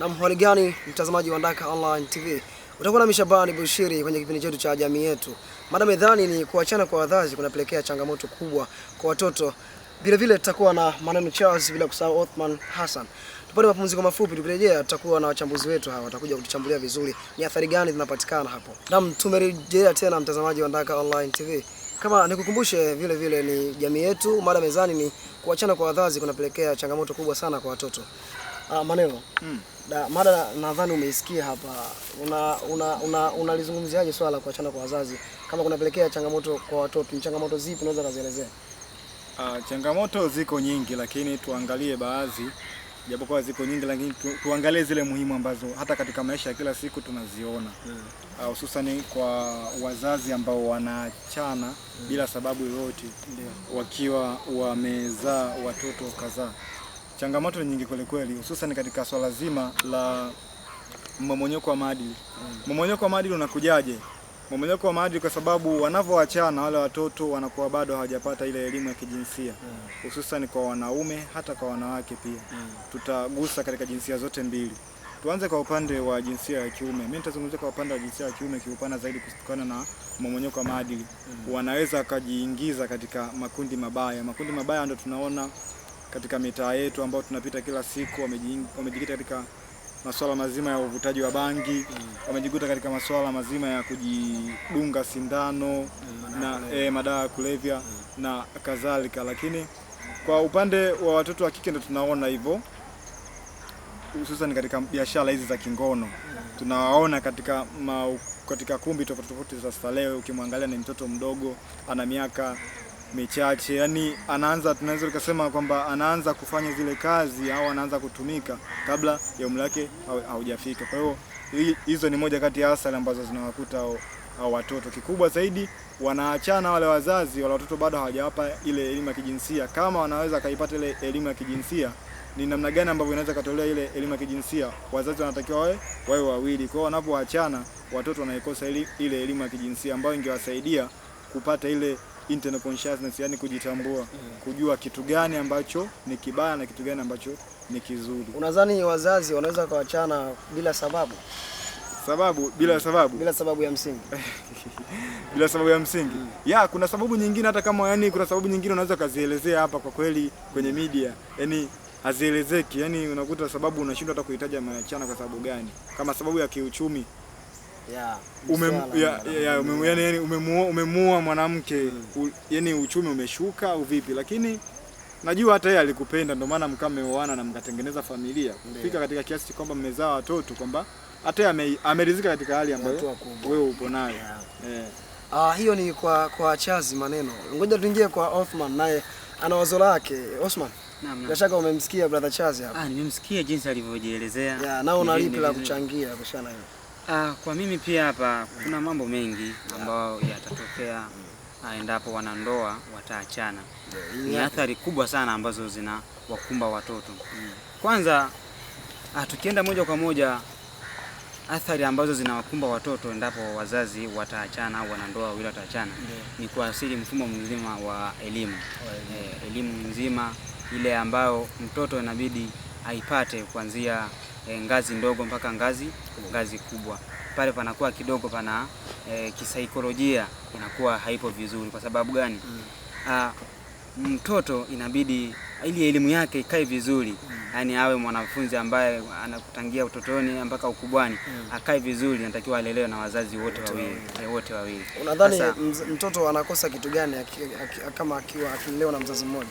Na mhali gani mtazamaji wa Ndaka Online TV, utakuwa na Mishabani Bushiri kwenye kipindi chetu cha jamii yetu. Mada mezani ni kuachana kwa wazazi kunapelekea changamoto kubwa kwa watoto. Vile vile tutakuwa na maneno Charles, bila kusahau Othman Hassan. Tupate mapumziko mafupi, tukirejea tutakuwa na wachambuzi wetu hawa watakuja kutuchambulia vizuri ni athari gani zinapatikana hapo. Naam, tumerejea tena mtazamaji wa Ndaka Online TV. Kama nikukumbushe vile vile ni jamii yetu, mada mezani ni kuachana kwa wazazi kunapelekea changamoto kubwa sana kwa watoto. Ah, maneno. Mm. Da, mada nadhani umeisikia hapa. Unalizungumziaje una, una, una swala la kuachana kwa wazazi, kama kunapelekea changamoto kwa watoto, ni changamoto zipi unaweza kuzielezea? Uh, ah, changamoto ziko nyingi, lakini tuangalie baadhi, japokuwa ziko nyingi, lakini tu, tuangalie zile muhimu ambazo hata katika maisha ya kila siku tunaziona hususani hmm. uh, kwa wazazi ambao wanaachana hmm. bila sababu yoyote, wakiwa wamezaa watoto kadhaa changamoto ni nyingi kweli kweli, hususan katika swala zima la mmomonyoko wa maadili. Mm. Mmomonyoko wa maadili unakujaje? Mmomonyoko wa maadili kwa sababu wanavyoachana wale watoto wanakuwa bado hawajapata ile elimu ya kijinsia mm. hususan kwa wanaume hata kwa wanawake pia. Mm. Tutagusa katika jinsia zote mbili. Tuanze kwa upande wa jinsia ya kiume. Mimi nitazungumzia kwa upande wa jinsia ya kiume kiupana zaidi, kutokana na mmomonyoko wa maadili, wanaweza wakajiingiza katika makundi mabaya. Makundi mabaya ndio tunaona katika mitaa yetu ambao tunapita kila siku, wamejikita katika masuala mazima ya uvutaji wa bangi mm. wamejikuta katika masuala mazima ya kujidunga sindano mm. na eh, madawa ya kulevya mm. na kadhalika, lakini kwa upande wa watoto wa kike ndo tunaona hivyo hususan katika biashara hizi za kingono tunawaona katika ma, katika kumbi tofauti tofauti za starehe. Ukimwangalia ni mtoto mdogo ana miaka michache, yani anaanza, tunaweza tukasema kwamba anaanza kufanya zile kazi au anaanza kutumika kabla ya umri wake haujafika. Kwa hiyo hizo ni moja kati ya athari ambazo zinawakuta au watoto. Kikubwa zaidi wanaachana wale wazazi, wale watoto bado hawajawapa ile elimu ya kijinsia. Kama wanaweza kaipata ile elimu ya kijinsia, ni namna gani ambavyo inaweza katolea ile elimu ya kijinsia? Wazazi wanatakiwa wawe wawe wawili. Kwa hiyo wanapoachana, watoto wanaikosa ile elimu ya kijinsia ambayo ingewasaidia kupata ile internal consciousness, yani kujitambua yeah. kujua kitu gani ambacho ni kibaya na kitu gani ambacho ni kizuri. Unadhani wazazi wanaweza kuachana bila sababu? Sababu bila sababu, bila sababu ya msingi bila sababu ya msingi mm. ya kuna sababu nyingine, hata kama yani kuna sababu nyingine unaweza ukazielezea hapa, kwa kweli kwenye media yani hazielezeki, yani unakuta sababu unashindwa hata kuhitaja maachana kwa sababu gani, kama sababu ya kiuchumi umemuua mwanamke hmm. Yani uchumi umeshuka au vipi? Lakini najua hata yeye alikupenda, ndio maana mkaa mmeoana na mkatengeneza familia kufika katika kiasi kwamba mmezaa watoto, kwamba hata yeye ameridhika katika hali ambayo wewe upo nayo yeah. Eh. yeah. hiyo ni kwa kwa Chazi maneno. Ngoja tuingie kwa Othman naye ana wazo lake. Osman, bila shaka umemsikia brother Chazi hapa. Ah, nimemsikia jinsi alivyojielezea. Yeah, na una lipi la kuchangia kushana hiyo? Uh, kwa mimi pia hapa kuna mambo mengi ambayo yatatokea ah, endapo wanandoa wataachana. Ni athari kubwa sana ambazo zina wakumba watoto. Mm. Kwanza ah, tukienda moja kwa moja athari ambazo zinawakumba watoto endapo wazazi wataachana au wanandoa wawili wataachana ni kuasili mfumo mzima wa elimu Eh, elimu nzima ile ambayo mtoto inabidi aipate kuanzia e, ngazi ndogo mpaka ngazi ngazi kubwa. Pale panakuwa kidogo pana e, kisaikolojia inakuwa haipo vizuri. Kwa sababu gani? mm. A, mtoto inabidi ili elimu yake ikae vizuri mm. yani awe mwanafunzi ambaye anakutangia utotoni mpaka ukubwani mm. akae vizuri, anatakiwa alelewe na wazazi wote wawili e, wote wawili. Unadhani mtoto anakosa kitu gani kama akiwa akilelewa na mzazi mmoja?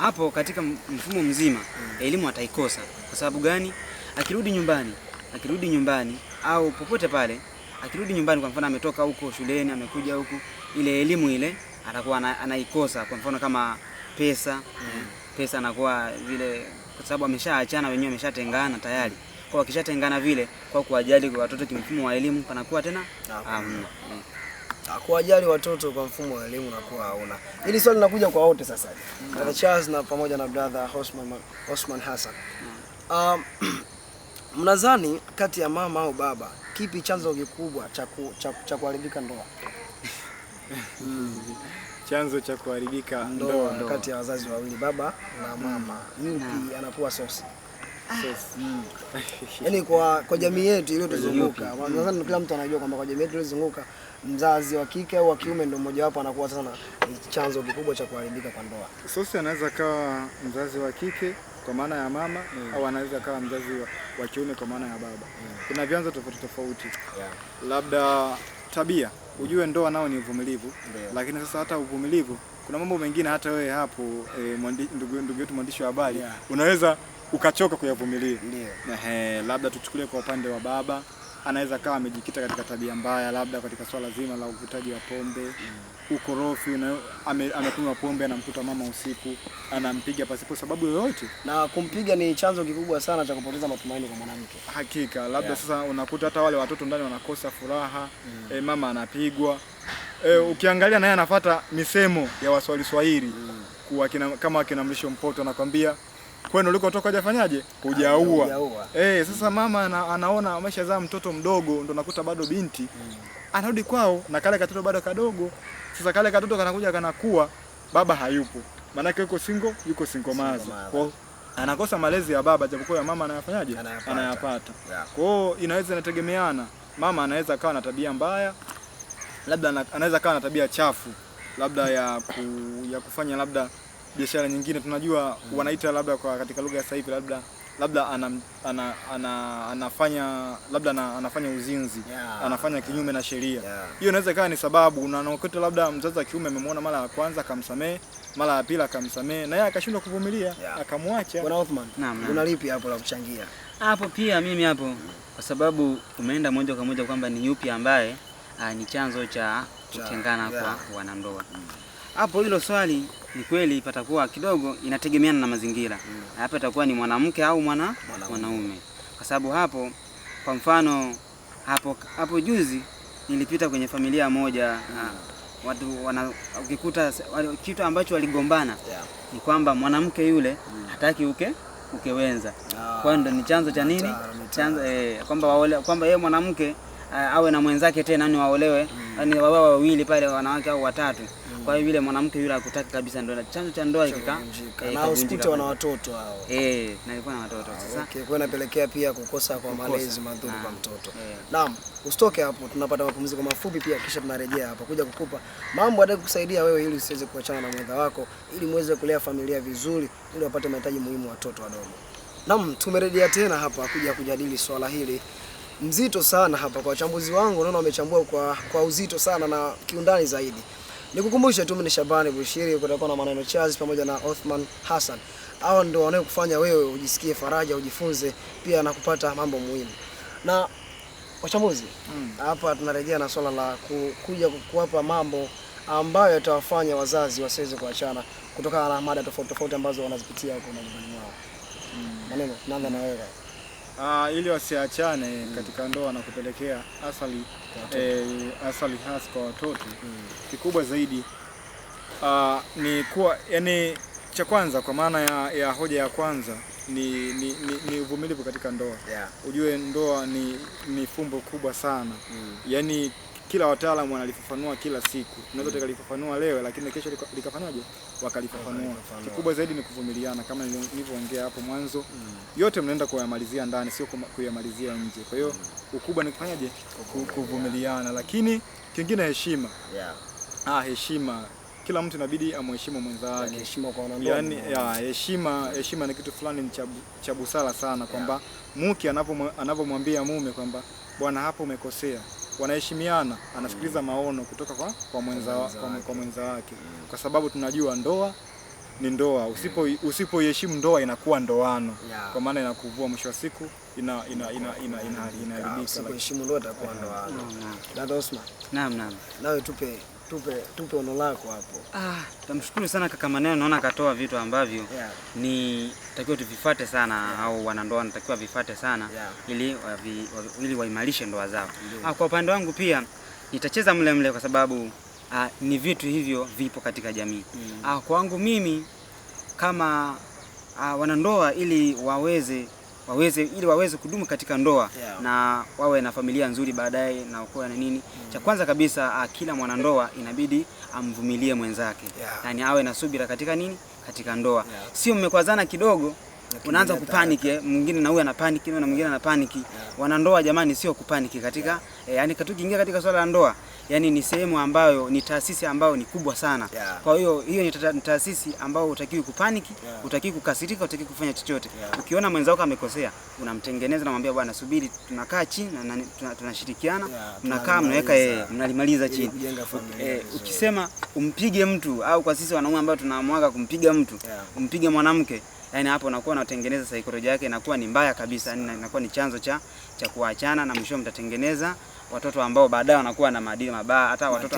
hapo katika mfumo mzima mm. elimu ataikosa. Kwa sababu gani? akirudi nyumbani akirudi nyumbani au popote pale akirudi nyumbani, kwa mfano ametoka huko shuleni amekuja huku, ile elimu ile atakuwa anaikosa. Kwa mfano kama pesa mm. pesa anakuwa vile, kwa sababu ameshaachana wenyewe, ameshatengana tayari. Kwa wakishatengana vile, kwa kuwajali kwa watoto kimfumo wa elimu panakuwa tena um, kuwajali watoto kwa mfumo wa elimu nakuwa hauna. Hili swali linakuja kwa wote sasa, mm. Charles na pamoja na brother Osman Hassan mm. um, Mnadhani kati ya mama au baba kipi chanzo kikubwa cha kuharibika ndoa? chanzo cha kuharibika ndoa kati ya wazazi wawili baba na mama yupi? mm. anakuwa sosi hmm. yaani kwa kwa jamii yetu iliyotuzunguka nadhani kila mtu anajua kwamba kwa jamii yetu iliyozunguka mzazi wa kike au wa kiume ndio mmojawapo anakuwa sana chanzo kikubwa cha kuharibika kwa ndoa. Sosi anaweza kawa mzazi wa kike kwa maana ya mama mm. au anaweza kawa mzazi wa kiume kwa maana ya baba mm. kuna vyanzo tofauti tofauti yeah. labda tabia ujue ndoa nao ni uvumilivu yeah. lakini sasa hata uvumilivu kuna mambo mengine hata wewe hapo eh, ndugu yetu mwandishi wa habari yeah. unaweza ukachoka kuyavumilia yeah. labda tuchukulie kwa upande wa baba anaweza kawa amejikita katika tabia mbaya, labda katika swala zima la uvutaji wa pombe mm. ukorofi, ame, amekunywa pombe, anamkuta mama usiku, anampiga pasipo sababu yoyote, na kumpiga ni chanzo kikubwa sana cha kupoteza matumaini kwa mwanamke. Hakika labda yeah. Sasa unakuta hata wale watoto ndani wanakosa furaha mm. E, mama anapigwa e, ukiangalia naye anafuata misemo ya Waswahili Swahili mm. kama akina Mrisho Mpoto anakwambia kwenu ulikotoka hujafanyaje, hujaua. Eh, sasa mama ana, anaona ameshazaa mtoto mdogo, ndo nakuta bado binti mm. anarudi kwao na kale katoto bado kadogo. Sasa kale katoto kanakuja kanakuwa, baba hayupo, maanake yuko single, yuko single Kwa anakosa malezi ya baba, japokuwa ya mama anayafanyaje, anayapata. Kwa hiyo inaweza inategemeana, mama anaweza kawa na tabia mbaya, labda anaweza kawa na tabia chafu, labda ya, ku, ya kufanya labda biashara nyingine tunajua mm. wanaita labda kwa katika lugha ya sasa hivi labda labda ana, ana, ana, anafanya labda ana, anafanya uzinzi yeah. anafanya kinyume na sheria hiyo yeah. inaweza ikawa ni sababu, na unakuta labda mzazi wa kiume amemwona mara ya kwanza akamsamehe, mara ya pili akamsamehe, na yeye akashindwa kuvumilia yeah. akamwacha. Bwana Othman, lipi hapo la kuchangia hapo? Pia mimi hapo, kwa sababu umeenda moja kwa moja kwamba ni yupi ambaye ah, ni chanzo cha kutengana yeah. kwa wanandoa mm. hapo, hilo swali ni kweli patakuwa kidogo inategemeana na mazingira mm. Hapa itakuwa ni mwanamke au mwana mwanaume, kwa sababu hapo, kwa mfano hapo hapo juzi nilipita kwenye familia moja mm. Watu wana ukikuta kitu ambacho waligombana yeah. Ni kwamba mwanamke yule mm. hataki uke ukewenza ah. Kwa ndo ni chanzo cha nini chanzo eh, kwamba yeye mwanamke Eh, awe na mwenzake tena, ni waolewe, mm. ni wawe wawili pale, wanawake au watatu. Mm. Kwa hiyo yule mwanamke yule akutaki kabisa, ndio chanzo cha ndoa ikikaa na usikute wana watoto hao eh, na ilikuwa na watoto ah, sasa. Okay, kwa inapelekea pia kukosa kwa malezi madhuri kwa ah, mtoto. Eh. Naam, usitoke hapo, tunapata mapumziko mafupi pia, kisha tunarejea hapa kuja kukupa mambo ya kukusaidia wewe ili usiweze kuachana na mwenza wako, ili muweze kulea familia vizuri, ili wapate mahitaji muhimu watoto wadogo. Naam, tumerejea tena hapa kuja kujadili swala hili mzito sana hapa kwa wachambuzi wangu, naona wamechambua kwa, kwa uzito sana na kiundani zaidi. Nikukumbushe tu mimi ni Shabani Bushiri, kutakuwa na maneno chazi pamoja na Othman Hassan. Hawa ndio wanaokufanya wewe ujisikie faraja, ujifunze pia na kupata mambo muhimu na wachambuzi hmm. hapa hmm. Tunarejea na swala la ku, kuja kuwapa mambo ambayo yatawafanya wazazi wasiweze kuachana kutokana na mada tofauti tofauti ambazo wanazipitia huko nyumbani mwao. Hmm. Maneno nanda na wewe uh, ili wasiachane mm. katika ndoa na kupelekea athari eh, hasi kwa watoto mm. kikubwa zaidi uh, ni kuwa yani, cha kwanza kwa maana ya, ya hoja ya kwanza ni, ni, ni, ni uvumilivu katika ndoa yeah. Ujue ndoa ni, ni fumbo kubwa sana mm. yani kila wataalamu wanalifafanua kila siku, mm. tukalifafanua leo, lakini kesho likafanyaje, wakalifafanua. Kikubwa zaidi ni kuvumiliana, kama nilivyoongea hapo mwanzo mm. yote mnaenda kuyamalizia ndani, sio kuyamalizia nje. Kwa hiyo mm. ukubwa ni kufanyaje, kuvumiliana, lakini kingine heshima, yeah. ah, heshima kila mtu inabidi amheshimu mwenzake. Heshima kwa wanadamu, yani ya heshima, heshima ni kitu fulani cha busara sana, kwamba mke anapomwambia mume kwamba bwana, hapo umekosea wanaheshimiana, anasikiliza maono kutoka kwa, kwa mwenza, kwa, kwa mwenza wake, kwa sababu tunajua ndoa ni ndoa. Usipoiheshimu usipo ndoa inakuwa ndoano yeah. Kwa maana inakuvua mwisho wa siku inaharibika ina, ina, ina, ina, ina, ina, ina, ina, ina, ina, ina, tupe, tupe ono lako hapo. Ah, tamshukuru sana kaka Maneno, naona katoa vitu ambavyo yeah. ni takiwa tuvifate sana yeah. au wanandoa natakiwa vifate sana yeah. ili wavi, ili waimarishe ndoa zao ah, kwa upande wangu pia nitacheza mle mle kwa sababu ah, ni vitu hivyo vipo katika jamii mm. ah, kwangu mimi kama ah, wanandoa ili waweze waweze ili waweze kudumu katika ndoa yeah. na wawe na familia nzuri baadaye na ukoo na nini mm. Cha kwanza kabisa ah, kila mwanandoa inabidi amvumilie mwenzake yeah. Yani awe na subira katika nini, katika ndoa yeah. Sio mmekwazana kidogo unaanza kupaniki eh, mwingine na huyu ana panic na mwingine ana paniki yeah. Wanandoa jamani, sio kupaniki katika yeah. E, eh, yani katukiingia katika swala la ndoa yani ni sehemu ambayo ni taasisi ambayo ni kubwa sana yeah. Kwa hiyo hiyo ni taasisi ambayo utakiwi kupaniki yeah. Utakiwi kukasirika, utakiwi kufanya chochote yeah. Ukiona mwenzako amekosea, unamtengeneza namwambia, bwana subiri, tunakaa chini na tunashirikiana yeah. Mnakaa mnaweka yeye, eh, mnalimaliza chini eh, eh, ukisema umpige mtu au kwa sisi wanaume ambao tunaamwaga kumpiga mtu yeah. Umpige mwanamke Yani hapo unakuwa unatengeneza saikolojia yake inakuwa ni mbaya kabisa, yani inakuwa ni chanzo cha cha kuachana na mwisho mtatengeneza watoto ambao baadaye wanakuwa na maadili mabaya, hata watoto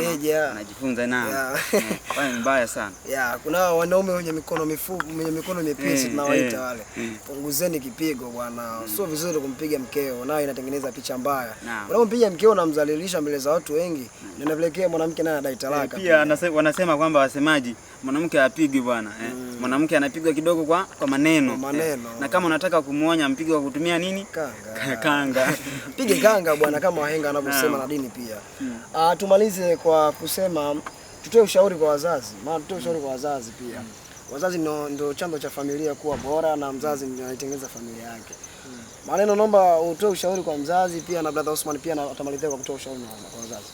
wanajifunza na eh, kwani mbaya sana. Yeah, kuna wanaume wenye mikono mifupi, wenye mikono mepesi eh, tunawaita hey, eh, wale. Hey. Punguzeni kipigo bwana. Hmm. Sio vizuri kumpiga mkeo, nayo inatengeneza picha mbaya. Unapompiga mkeo unamdhalilisha mbele za watu wengi, hmm, na inapelekea mwanamke naye anadai talaka. Hey, pia, pia wanasema kwamba wasemaji mwanamke apigi bwana eh. mm. Mwanamke anapigwa kidogo kwa, kwa maneno, eh. maneno. Eh. Na kama unataka kumwonya mpige kwa kutumia nini? Kanga, kanga. Pige kanga bwana, kama wahenga wanavyosema na dini pia mm. Ah, tumalize kwa kusema tutoe ushauri kwa wazazi, maana tutoe ushauri kwa wazazi pia mm. Wazazi ndo, ndo chanzo cha familia kuwa bora na mzazi ndio anatengeneza familia yake mm. Maneno, naomba utoe ushauri kwa mzazi pia na brother Osman pia atamalizia kwa kutoa ushauri kwa wazazi.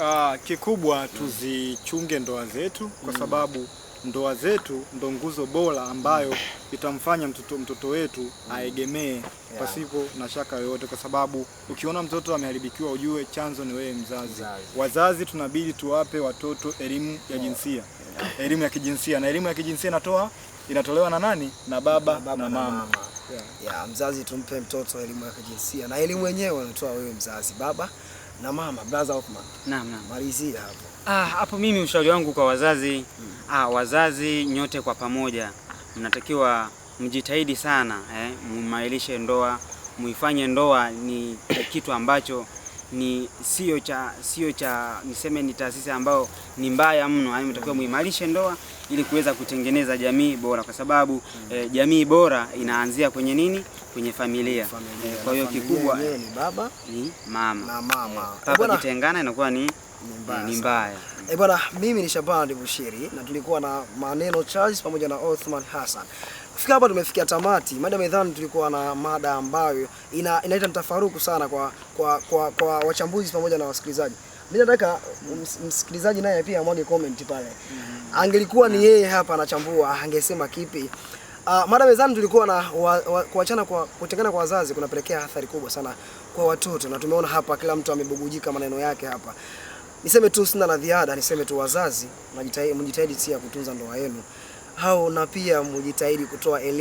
Uh, kikubwa tuzichunge ndoa zetu kwa mm. sababu ndoa zetu ndo nguzo bora ambayo itamfanya mtoto, mtoto wetu mm. aegemee pasipo na shaka yoyote, kwa sababu ukiona mtoto ameharibikiwa ujue chanzo ni wewe mzazi. wazazi tunabidi tuwape watoto elimu ya jinsia, elimu ya kijinsia, na elimu ya kijinsia inatoa inatolewa na nani? Na baba, na, baba na mama, na mama. Yeah. Yeah, mzazi tumpe mtoto elimu ya kijinsia na elimu yenyewe unatoa wewe mzazi, baba na mama brother Hoffman. Naam, naam. Malizia hapo. Ah, hapo mimi ushauri wangu kwa wazazi hmm. Ah, wazazi nyote kwa pamoja mnatakiwa mjitahidi sana eh, mumailishe ndoa, muifanye ndoa ni kitu ambacho ni sio cha sio cha niseme ni taasisi ambayo ni mbaya mno, yaani mtakiwa muimarishe ndoa ili kuweza kutengeneza jamii bora, kwa sababu mm. eh, jamii bora inaanzia kwenye nini? Kwenye familia, familia. Eh, kwa hiyo kikubwa ni baba ni mama na mama. Eh, papa kitengana inakuwa ni ni mbaya. Eh, bwana mimi ni Shabani Bushiri na tulikuwa na maneno Charles pamoja na Othman Hassan. Kufika hapa tumefikia tamati. Mada mezani tulikuwa na mada ambayo ina, inaleta mtafaruku sana kwa kwa, kwa, kwa wachambuzi pamoja na wasikilizaji. Mimi nataka msikilizaji naye pia amwage comment pale. Mm-hmm. Angelikuwa ni yeye hapa anachambua, angesema kipi? Uh, ah, mada mezani tulikuwa na kuachana kwa kutengana kwa wazazi kunapelekea athari kubwa sana kwa watoto, na tumeona hapa kila mtu amebugujika maneno yake hapa. Niseme tu sina la ziada, niseme tu wazazi mjitahidi, mjitahidi sia kutunza ndoa yenu hao na pia mujitahidi kutoa elimu.